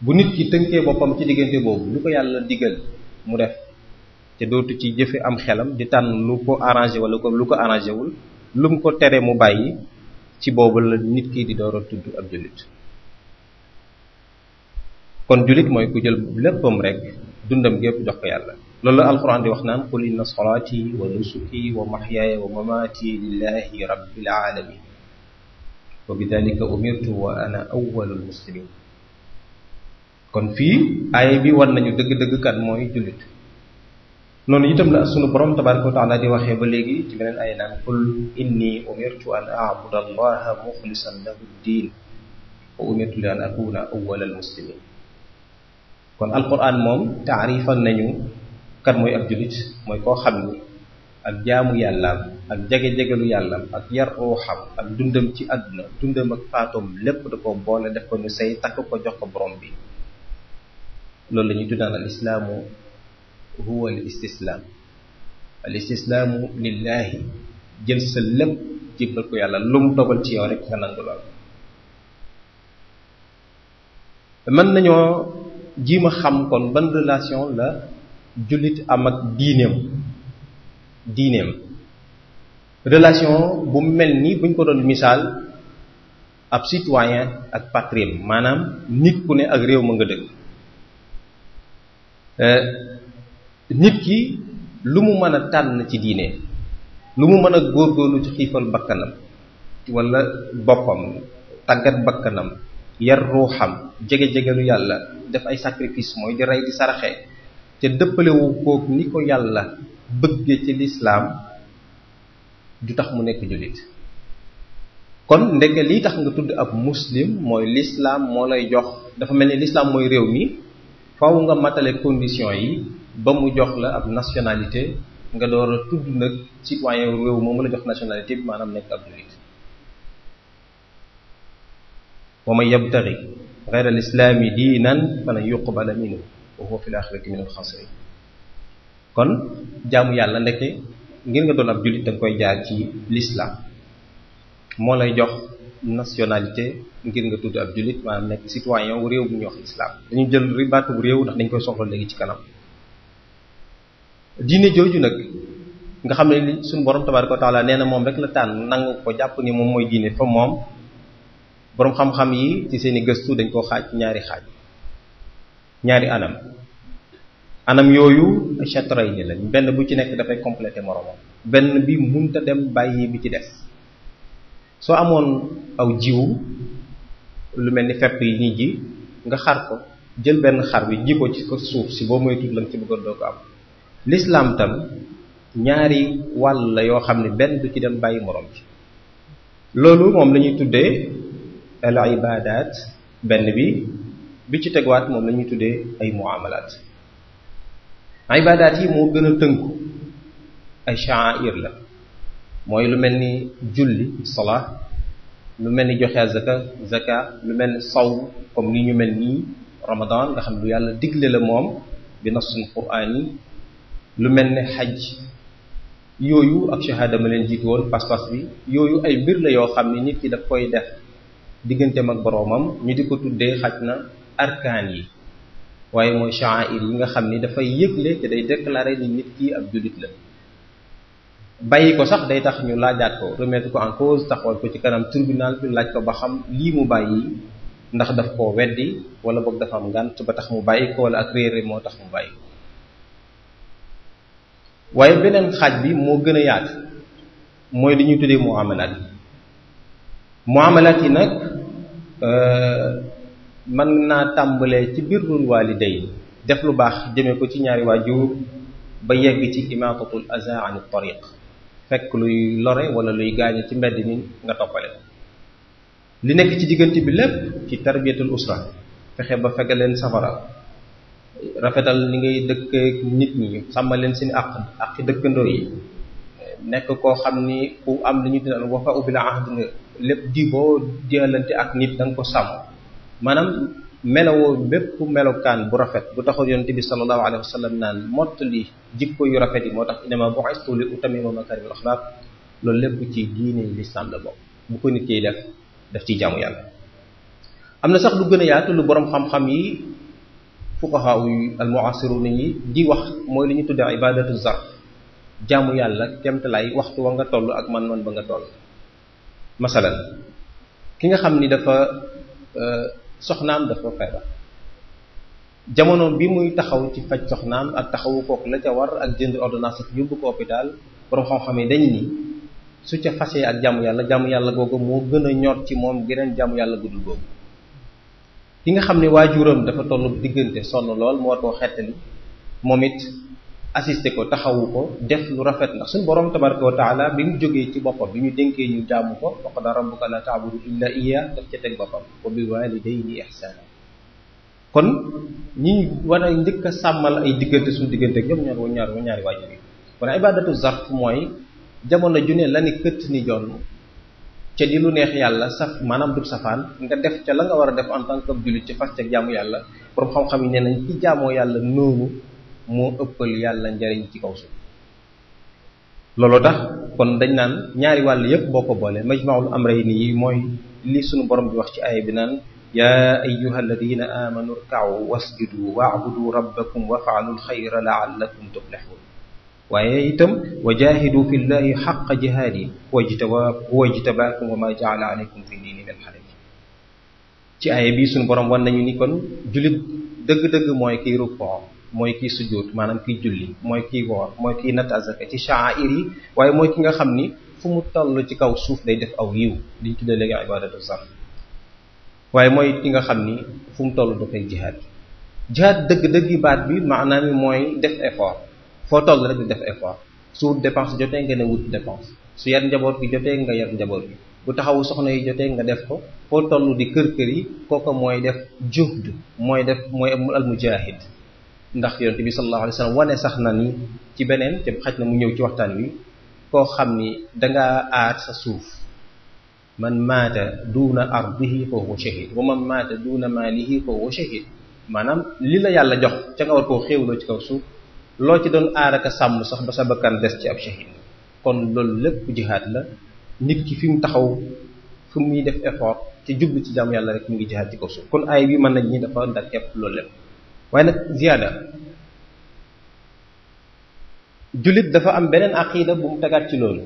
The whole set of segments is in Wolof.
bu nit ki teunké bopam ci digënté bobu lu ko yalla digël mu def té dootu ci jëfé am xélam di tan lu ko arranger wala ko lu ko arranger wul lu ko tere mu bayyi ci bobu la nit ki di dooro tuddu ab julit kon julit moy ku jël leppam rek dundam gëpp jox ko yalla loolu alquran di wax naan qul inna salati wa nusuki wa mahyaya wa mamati lillahi rabbil alamin wa bidhalika umirtu wa ana awwalul muslimin kon fi ay bi won nañu deug deug kan moy julit non itam la sunu borom tabaraku taala di waxe ba legi ci benen ay nan kul inni umirtu an a'budu allaha mukhlishan lahu din wa umirtu an akuna awwal al muslimin kon alquran mom ta'rifan nañu kan moy ak julit moy ko xamni ak jaamu yalla ak jage jegelu yalla ak yar ruuxam ak dundam ci aduna dundam ak fatom lepp da ko boole def ko nu sey tak ko jox ko borom bi loolu la ñuy tuddaan al islaamu huwa al istislaam al istislaamu lillahi jël sa lépp jébbal ko yàlla lu mu dogal ci yow rek nga nangu lool mën nañoo jiima xam kon ban relation la jullit am ak diineem diineem relation bu mel ni buñ ko doon misaal ab citoyen ak patriote maanaam nit ku ne ak réew ma nga dëkk Euh, nit ki lu mu mën a tànn ci diine lu mu mën a góor góorgóorlu ci xiifal bakkanam walla boppam tàggat bakkanam yar ruuxam jege-jegelu yàlla def ay sacrifice mooy di rey di saraxe te dëppalewu koog ni ko yàlla bëgge ci lislaam du tax mu nekk jullit kon ndeke lii tax nga tudd ab muslim mooy lislaam moo lay jox dafa mel ni lislaam mooy réew mi faw nga matale condition yi ba mu jox la ab nationalité nga door a tudd nag citoyen réew moo mën jox nationalité bi maanaam nekk ab julit wa man yabtari gayra al islaami diinan falan yuqbala minhu wa huwa fi l axirati min al xasirin kon jaamu yàlla ndeke ngir nga doon ab julit da koy jaar ci l'islam moo lay jox nationalité ngir nga tudd ab jullit maanaam nekk citoyen wu réew bu ñuy wax islam dañu jël ribaatu bu réew ndax dañ koy soxla léegi ci kanam diine jooju nag nga xam ne li suñu borom tabaraka wa taala nee na moom rek la tànn nangu ko jàpp ni moom mooy diine fa moom boroom xam-xam yi ci seeni gëstu dañ koo xaaj ñaari xaaj ñaari anam anam yooyu chatray ni lañ benn bu ci nekk dafay complété moromam benn bi munta dem bàyyi bi ci des soo amoon aw jiw lu mel ni fepp yi ñuy ji nga xar ko jël benn xar bi ji ci ko suuf si boo moytuwul la ci bëggoon doo ko am lislaam tam ñaari wàll la yoo xam ne benn du ci dem bàyyi morom ci loolu moom lañuy tuddee al ibadat benn bi bi ci teguwaat moom lañuy ñuy tuddee ay muamalaat ibadat yi moo gën a tënku ay sha'air la mooy lu mel ni julli salaa lu mel ni joxe zaka zaka lu mel ni saw comme ni ñu mel nii ramadan nga xam lu yàlla digle la moom bi nasul quraan yi lu mel ni xaj yooyu ak shahada ma leen jiitu woon pas-pas bi yooyu ay mbir la yoo xam ne nit ki daf koy def digganteem ak boroomam ñu di ko tuddee xaj na arkaan yi waaye mooy sha'air yi nga xam ni dafay yëgle te day déclarer ni nit ki ab jullit la bayyi ko sax day tax ñu laajaat ko remettre ko en cause taxawal ko ci kanam tribunal bi laaj ko ba xam lii mu bàyyi ndax daf ko weddi wala boog dafa am ngànt ba tax mu bàyyi ko wala ak réere moo tax mu bàyyi ko waaye beneen xaaj bi moo gën a yaatu mooy li ñuy tuddee muamalat yi muamalat yi nag euh, man naa tàmbalee ci birrul waliday def lu baax jëme ko ci ñaari waajur ba yegg ci imaatatul aza an tariq fekk luy lore wala luy gaañ ci mbedd mi nga toppale li nekk ci diggante bi lépp ci tarbiyatul usra fexe ba fege leen safara rafetal ni ngay dëkkee nit ñi sàmmal leen seen àq àq dëkkandoo yi nekk koo xam ni ku am li ñu dinaan wafa ubbi la ahd nga lépp di boo ak nit da ko sàmm maanaam melowoo bépp melokaan bu rafet bu taxaw yonent bi sallallahu alayhi wa sallam naan mottali jikko yu rafet yi moo tax inama bu'istu li utammima makarimil axlaaq loolu lépp ci diine lislaam la bokk bu ko nit kiy def daf ci jaamu yàlla am na sax lu gën a yaatu lu borom xam yi fuqahaa yu almuasiruna yi di wax mooy li ñu tuddee ibadatu zar jaamu yàlla kemtalaay waxtu wa nga toll ak man-man ba nga toll masalan ki nga xam ni dafa euh, soxnaam dafa feebar jamono bi muy taxaw ci faj soxnaam ak taxawu kooku la ca war ak jënd ordonnance yóbbu ko hôpital borom xam-xam yi dañ ni su ca fasee ak jàmm yàlla jàmm yàlla googu moo gën a ñor ci moom geneen jàmm yàlla guddul googu ki nga xam ne waajuram dafa tollu diggante sonn lool moo war koo xettali moom it assisté ko taxawu ko def lu rafet ndax sun borom tabaraka wa taala bi mu jógee ci boppam bi ñu denke ñu jaamu ko wa qada rabbuka la ta'budu illa iyya daf ci tek boppam ko bi walidayni ihsana kon ñi wara ndik samal ay digënté suñu digënté ñom ñaar wa ñaar wa ñaar waajur kon ibadatu zarf moy jamono ju ne la ni këtt ni jonn ci di lu neex yalla saf manam du safaan nga def ci la nga wara def en tant que julit ci fas ca jaamu yalla borom xam-xam ni nañ ci jaamoo yalla noonu moo ëppal yàlla njariñ ci kaw suuf loolu tax kon dañ naan ñaari wàll yépp boo ko boole majmaul amrayni yi mooy li sunu borom bi wax ci aaya bi naan yaa ayyuha alladina amanu rkaw wasjudu waabudu rabbakum wafaalu la laallakum tuflixuun waaye itam wa jahidu fi llahi xaqa jihaadi huwa jtabaakum wa ma jaala aleykum fi diini min xaraj ci aaya bi sunu borom wan nañu ni kon jullit dëgg-dëgg mooy kiy rukkoo moy ki sujud manam ki julli moy ki wor moy ki nat azaka ci sha'iri yi moy ki nga xamni fu mu tollu ci kaw suuf day def aw yiw liñ tuddee léegi ibadatu zan waaye moy ki nga xamni fu mu toll fay jihad jihad deug deug ibad bi maanaam moy def effort fo toll rek def effort su dépense jotee nga wut dépense su yar njabot bi jotee nga yar njabot bi bu taxawu soxna yi jotee nga def ko fo tollu di kër kër yi koko moy def juhd moy def moy al mujahid ndax yonente bi sallallahu alayhi wa sallam wane sax na ni ci beneen te xaj na mu ñëw ci waxtaan wi koo xam ni danga aar sa suuf man maata duuna ardihi fa huwa shahid wa man maata duuna maalihi fa huwa shahid maanaam li la yàlla jox ca nga war koo xéewloo ci kaw suuf loo ci doon aar ak sàmm sax ba sa bakkan des ci ab shahid kon loolu lépp jihaad la nit ki fi mu taxaw fu muy def effort te jublu ci jaamu yàlla rek mu ngi jihaad ci kaw suuf kon ay bi mën nañ ñi dafa ndar képp loolu lépp waaye nag ziyaada jullit dafa am beneen aqida bu mu tegaat ci loolu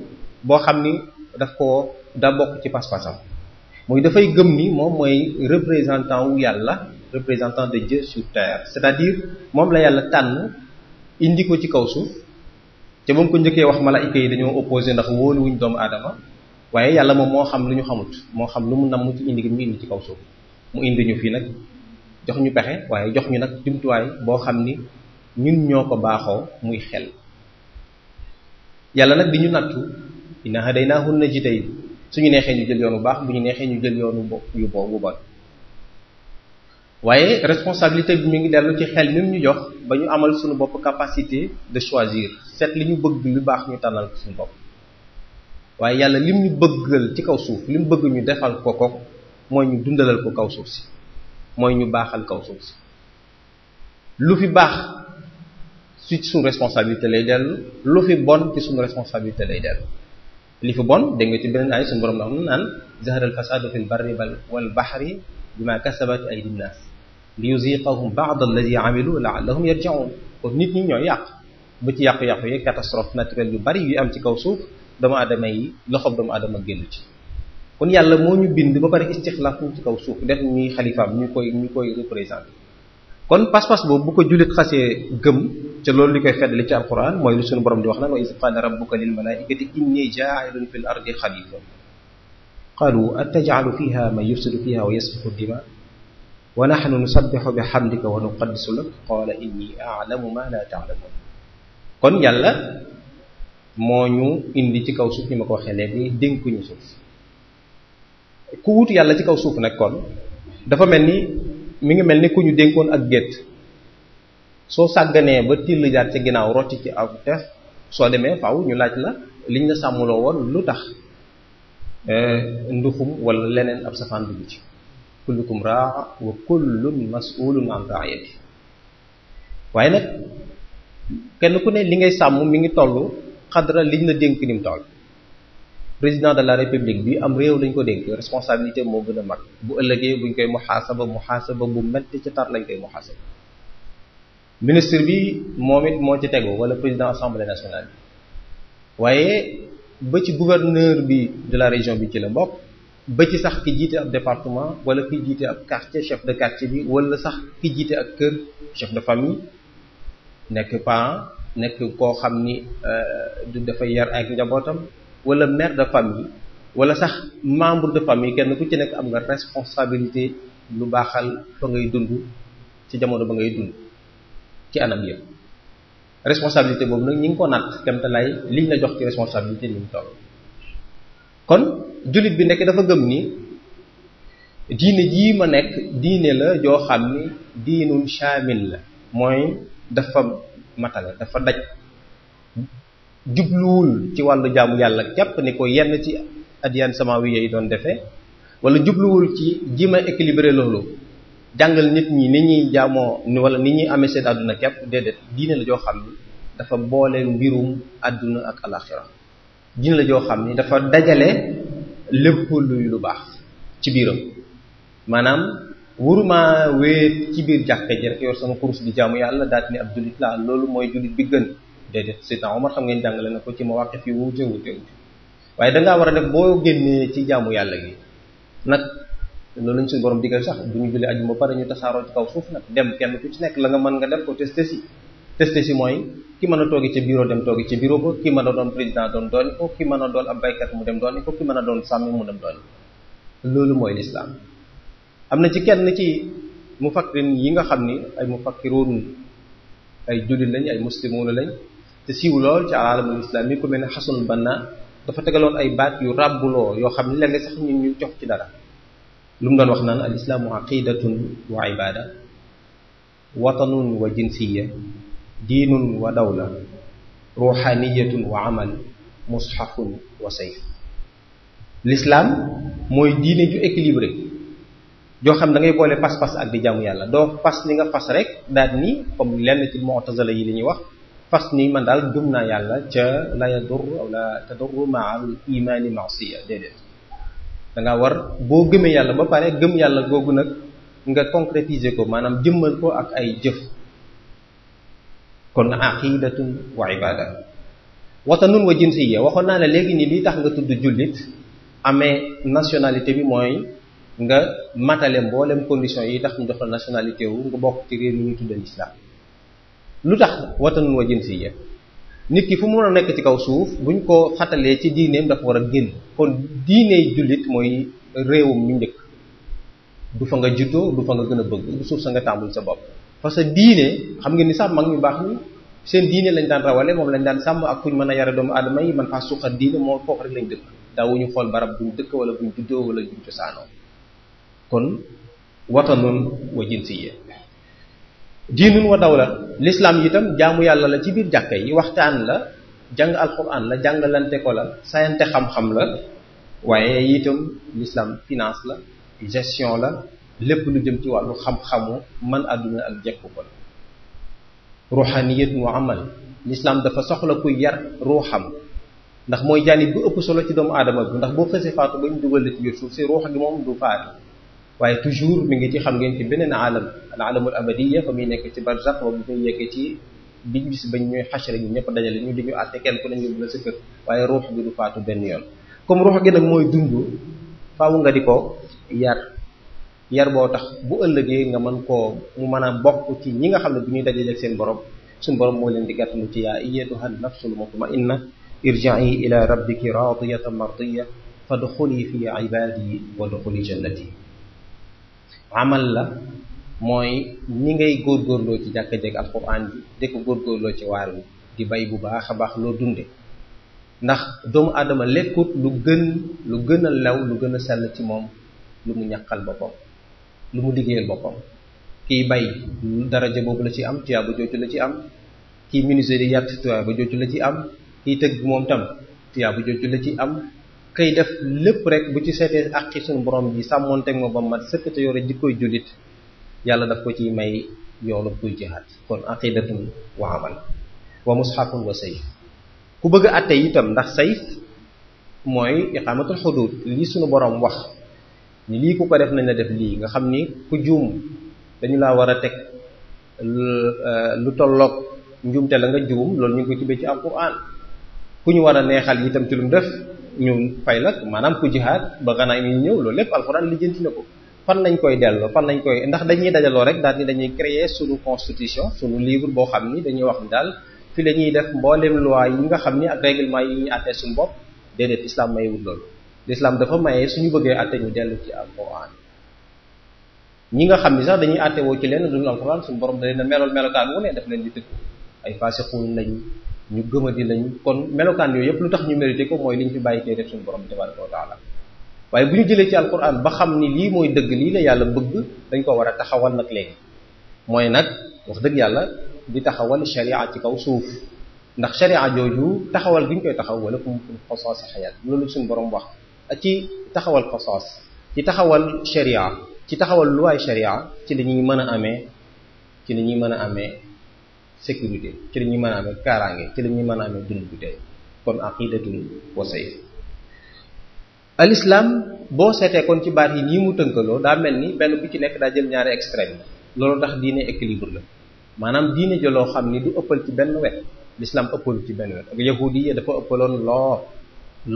boo xam ni daf ko da bokk ci pas-pasam mooy dafay gëm ni moom mooy représentant wu yàlla représentant de Dieu sur terre c'est-à-dire moom la yàlla tànn indi ko ci kaw suuf te moom ko njëkkee wax malaayika yi dañoo opposé ndax wóoluwuñ doomu aadama waaye yàlla moom moo xam lu ñu xamut moo xam lu mu namm ci indi gi mu indi ci kaw suuf mu indi ñu fii nag jox ñu pexe waaye jox ñu nag jumtuwaay boo xam ni ñun ñoo ko baaxoo muy xel yàlla nag di ñu nattu na ji najdayn suñu neexee ñu jël yoon bu baax bu ñu neexee ñu jël yoonu yu bo bu waaye responsabilité bi mi ngi dellu ci xel mi ñu jox ba ñu amal suñu bopp capacité de choisir seet li ñu bëgg lu baax ñu tànnal suñu bopp waaye yàlla lim ñu bëggal ci kaw suuf lim bëgg ñu defal ko ko mooy ñu dundalal ko kaw suuf si moy ñu baxal kaw suuf lu fi bax ci suñu responsabilité lay del lu fi bon ci suñu responsabilité lay del li fi bon de nga ci benen ay suñu borom la xam naan zahara al fasadu fi l barri wal bahri bima kasabat aydin nas li yuziqahum ba'd alladhi amilu la'allahum yarji'un ko nit ñi ñoy yàq bu ci yaq yaq yi catastrophe naturelle yu bari yu am ci kaw suuf dama adamay yi loxob doomu aadama génn ci kon yàlla moo ñu bind ba pare istixlaaf ñu ci kaw suuf def ñuy xalifaam ñu koy ñu kon pas-pas boobu bu ko jullit xasee gëm ca loolu li koy li ci alquran mooy lu suñu borom di wax naan wa iz qaala rabbuka lil malaikati inni jaa'ilun fil ardi xalifa qalu ataj'alu fiha man yufsidu fiha wa yasfiku dima wa nahnu nusabbihu bi hamdika wa nuqaddisu lak qala inni a'lamu ma la ta'lamun kon yàlla moo ñu indi ci kaw suuf ni ma ko waxee léegi dénkuñu suuf ku wut yàlla ci kaw suuf nag kon dafa mel ni mi ngi mel ni ku ñu dénkoon ak gétt soo sàgganee ba till jaar ci ginnaaw rotti ci ak def soo demee faw ñu laaj la liñ la sàmmuloo woon lu tax eh, nduxum wala leneen ab safaan dugg ci kullukum raa wa kullun mas'ulun an raayati waaye nag kenn ku ne li ngay sàmm mu ngi toll xadra liñ la dénk ni mu toll président de la république bi am réew lañ ko dénk responsabilité moo gën a mag bu ëllëgee buñ koy muxaasaba muxaasaba bu metti ci tar lañ koy muxaasaba ministre bi moom it moo ci tegu wala président assemblée nationale bi waaye ba ci gouverneur bi de la région bi ci la bokk ba ci sax ki jiite ab département wala ki jiite ab quartier chef de quartier bi walla sax ki jiite ak kër chef de famille nekk parent nekk koo xam ni euh, du dafa yar ak njabootam wala mère de famille wala sax membre de famille kenn ku ci nekk am nga responsabilité lu baaxal fa ngay dund ci jamono ba ngay dund ci anam yëpp responsabilité boobu nag ñi ngi ko natt kemte lay liñ la jox ci responsabilité ni mu toll kon jullit bi nekk dafa gëm ni diine jii ma nekk diine la joo xam ni diinun shaamil la mooy dafa matale dafa daj jubluwul ci wàllu jaamu yàlla képp ni ko yenn ci adiyaan samawi yi doon defee wala jubluwul ci jima équilibré loolu jàngal nit ñi ni ñuy jaamoo ni wala ni ñuy amee seen àdduna képp déedéet diine la joo xam ni dafa boole mbirum àdduna ak alaxira diine la joo xam ni dafa dajale lépp luy lu baax ci biiram maanaam wuruma wéet ci biir jàkka ji rek yor sama kurus di jaamu yàlla daal ni ab laa loolu mooy jullit bi gën déedéet Seydina Omar xam ngeen jàngale na ko ci mawaqif yi wuute wuute wuute waaye dangaa war a def boo génnee ci jaamu yàlla gi nag loolu ñu suñu borom digal sax bu ñu julli ajuma pare ñu tasaaroo ci kaw suuf nag dem kenn ku ci nekk la nga mën nga def ko testé si testé si mooy ki mën a toogi ca bureau dem toogi ca bureau ba ki mën a doon président doon dooni ko ki mën a doon ab baykat mu dem dooni ko ki mën a doon sàmmi mu dem dooni loolu mooy lislaam am na ci kenn ci mufakkirin yi nga xam ni ay mufakkiroon ay jullit lañ ay muslimuuna lañ te siiw lool ci alalamul islam yi ku mel ne xasun banna dafa tegaloon ay baat yu ràbbuloo yoo xam ne léeg-léeg sax ñu jox ci dara lu mu doon wax naan al islaamu aqidatun wa ibada watanun wa jinsiya diinun wa dawla ruxaniyatun wa amal mushafun wa sayf l'islam mooy diine ju équilibré joo xam da ngay boole pas-pas ak di jaamu yàlla doo pas li nga fas rek daal ni comme lenn ci mu'tazila yi li ñuy wax Pasti mandal man dal dumna yalla ca la dur aw la tadur ma al iman masiya déedéet da nga war bo gëmé yalla ba paré gëm yalla googu nak nga concrétiser ko manam jëmmal ko ak ay jëf kon aqidatun wa ibada watanun wa jinsiyya waxoon na la légui ni li tax nga tuddu julit amé nationalité bi moy nga matalé mbolém condition yi tax ñu doxal nationalité wu nga bok ci réew mi ñu tuddé islam lu tax watanun si jinsiyya nit ki fu mu mën a nekk ci kaw suuf bu buñ ko xatalee ci diineem dafa war a génn kon diiney jullit mooy réewum ñu njëkk du fa nga juddoo du fa nga gën a bëgg du suuf sa nga tàmbul sa bopp parce que diine xam ngeen ni sax mag ñu baax ñi seen diine lañ daan rawale moom lañ daan sàmm ak fuñ mën a yare doomu aadama yi man faa suqat diine moo foofu rek lañ dëkk daawuñu xool barab buñ dëkk wala buñ juddoo wala buñ cosaanoo kon watanun wa jinsiyya diinun wa dawla l'islam itam jaamu yàlla la ci biir jàkka yi waxtaan la jàng alquran la jàngalante ko la sayante xam-xam la waaye itam l'islam finance la gestion la lépp lu jëm ci wàllu xam-xamu man àdduna ak jekku ko la ruhaniyat wa amal l'islam dafa soxla kuy yar ruuxam ndax mooy jaanib bu ëpp solo ci doomu aadama bi ndax boo xësee faatu ba ñu dugal la ci biir suuf si ruux gi moom du faatu waaye toujours mu ngi ci xam ngeen ci beneen alam al alamul abadiya fa muy nekk ci barzaq ba bu muy nekkee ci bi bis bañ ñuy xasra ñu ñëpp dajale ñu di ñu àtte kenn ku ne bu la sa waaye ruux bi du faatu benn yoon comme ruux gi nag mooy dund faaw nga di ko yar yar boo tax bu ëllëgee nga mën koo mu mën a bokk ci ñi nga xam ne bu ñuy dajaleeg seen borom suñu borom moo leen di gàttalu ci yaa ayyatuha nafsul mutma'inna irja'i ila rabbiki radiyatan mardiya fadxuli fi ibadi wadxuli jannati amal la mooy ñi ngay góorgóorloo ci jàkka jeeg alquran bi di ko góorgóorloo ci waar bi di bay bu baax a baax loo dunde ndax doomu aadama lekkut lu gën lu gën a law lu gën a sell ci moom lu mu ñaqal boppam lu mu liggéeyal boppam kiy bay daraja boobu la ci am tuyaaba jooju la ci am kiy menuisier di yàtt tuyaaba jooju la ci am kiy tëgg moom tam tuyaaba jooju la ci am kay def lépp rek bu ci seetee àqi suñu borom ji sàmmoonteeg moom ba mat sëkk te yore jikkoy jullit yàlla daf ko ci may yoonu kuy jihaad kon aqidatun wa amal wa mushafun wa sayf ku bëgg a atte itam ndax sayf mooy iqaamatul xudud lii suñu boroom wax ni lii ku ko def nañ la def lii nga xam ni ku juum dañu laa war a teg lu tolloog njuumte la nga juum loolu ñu ko tibbee ci alquran ku ñu war a neexal itam ci lu mu def ñu fay la maanaam ku jihaad ba ganaay ñu ñëw loolu lépp li lijjanti na ko fan lañ koy delloo fan lañ koy ndax dañuy dajalo rek daal ni dañuy créer sunu constitution sunu livre bo xamni dañuy wax dal fi lañuy def mboolem loi yi nga xamni ak règlement yi ñu atté suñu bop déedéet islam wul lool l'islam dafa maye suñu bëggee atté ñu delu ci alcorane ñi nga xamni sax dañuy atté wo ci leen dul alcorane suñu borom da leen a wu ne def leen di tekk ay fasiqun lañ ñu gëmadi lañ kon melokaan yooyu lutax ñu mérité ko moy liñ fi bàyyi def suñu borom tabaraka wa taala waaye bu ñu jëlee ci alquran ba xam ni lii mooy dëgg lii la yàlla bëgg dañ koo war a taxawal nag léegi mooy nag wax dëgg yàlla di taxawal sharia ci kaw suuf ndax sharia jooju taxawal gi ñu koy taxaw wala kum xosaas xayaat loolu suñu borom wax ci taxawal xosaas ci taxawal sharia ci taxawal luwaay sharia ci la ñuy mën a amee ci la ñuy mën a amee sécurité ci la ñuy mën a amee kaaraange ci la ñuy mën a amee dund bi tey kon aqidatul wasay al islam boo seetee kon ci baat yi nii mu tënkaloo daa mel ni benn bu ci nekk daa jël ñaari extrême loolu tax diine équilibre la maanaam diine ja loo xam ni du ëppal ci benn wet l'islam ëppalu ci benn wet ak yahudi yi dafa ëppaloon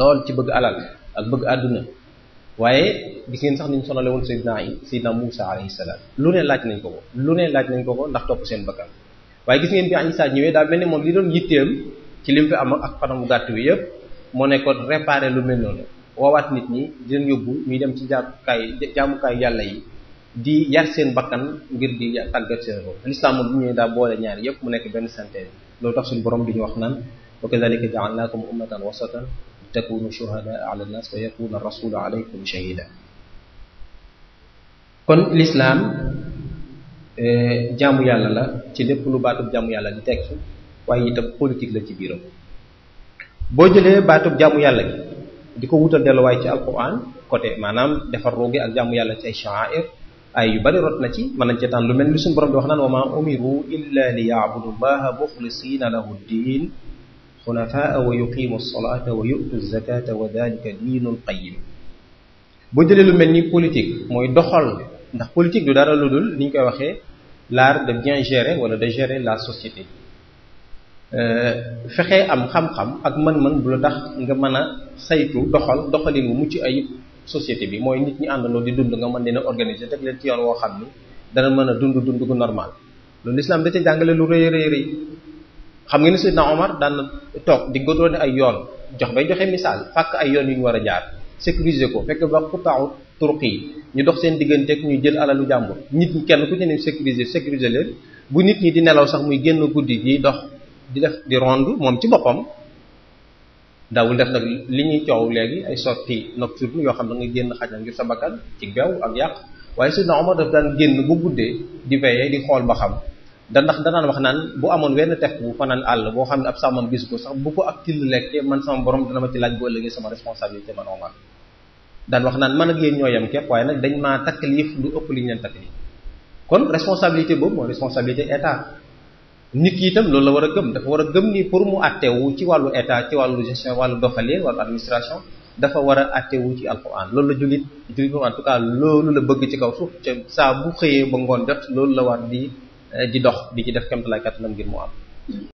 lool ci bëgg alal ak bëgg àdduna waaye gis ngeen sax ni ñu sonale woon sayyidina sayyidina Musa alayhi salaam lu ne laaj nañ ko ko lu ne laaj nañ ko ko ndax topp seen bakkan waaye gis ngeen bi Isa ñëwee daa mel ni moom li doon yitteem ci lim fi am ak fanamu gàtt yëpp moo nekkoon réparé lu mel noonu woowaat nit ñi di leen yóbbu ñuy dem ci jaamukaay jaamukaay yàlla yi di yar seen bakkan ngir di tàggat seen bopp lislaam moom bu ñëwee daa boole ñaar yëpp mu nekk benn santé loolu tax suñu boroom bi ñu wax naan wa kadalika jaalnaakum ummatan wasatan takunu shuhadaa ala nnas wa yakuna rasulu alaykum shahida kon lislaam eh, jaamu yàlla la ci lépp lu baatub jaamu yàlla di tekki waaye itam politique la ci biiram boo jëlee baatub jaamu yàlla gi di ko wutal delluwaay ci alquran côté maanaam defar roogi ak jaamu yàlla ci ay sha'air ay yu bari rot na ci mën nañ ci lu mel ni suñu borom bi wax naan wa ma umiru illa li ya'budu allaha muxlisina lahu ddin xunafaa wa yuqimu salata wa yu'tu zakata wa dalika diinul qayim boo jëlee lu mel ni politique mooy doxal ndax politique du dara lu dul ni ñu koy waxee l'art de bien gérer wala de gérer la société Eh, fexé am xam-xam ak man man bu la tax nga mëna saytu doxal doxalin mu mucc ayib société bi moy nit ñi andalo di dund nga mën leen organiser tek leen ci yoon wo xamni dana dund dund gu normal lu islam da ci jàngale lu reey reey reey xam nga ni Omar dan na di godone ay yoon jox bay joxe misal fak ay yoon yu wara jaar sécuriser ko fekk ba ku turuq turqi ñu dox seen digganteeg ñu jël alalu jambur nit ñi kenn ku ci ne sécuriser sécuriser leen bu nit ñi di nelaw sax muy guddi di dox di def di rondu mom ci bopam dawul def nak li ñuy coow léegi ay sorti nocturne yo xam ne nga genn xaj ngir sabakan ci gaw ak yaq waye sidna omar daf dan genn bu di veillé di xol ba xam da ndax danaan wax nan bu amone wenn tek bu fanaan all bo xam ab samam bis ko sax bu ko ak man sama borom dana ma ci laaj bu ëllëgee sama responsabilité man omar dan wax nan man ak yeen ñoo yem képp waaye nag dañ ma taklif lu ëpp li ñen leen kon responsabilité bo mo responsabilité état nit ki itam loolu la war a gëm dafa war a gëm ni pour mu attewu ci wàllu état ci wàllu gestion wàllu doxalin wàllu administration dafa war a attewu ci alquran loolu la jullit jullit moom en loolu la bëgg ci kaw suuf ca saa bu xëyee ba ngoon jot loolu la war di eh, di dox bi ci def kemtalaay kattanam ngir mu am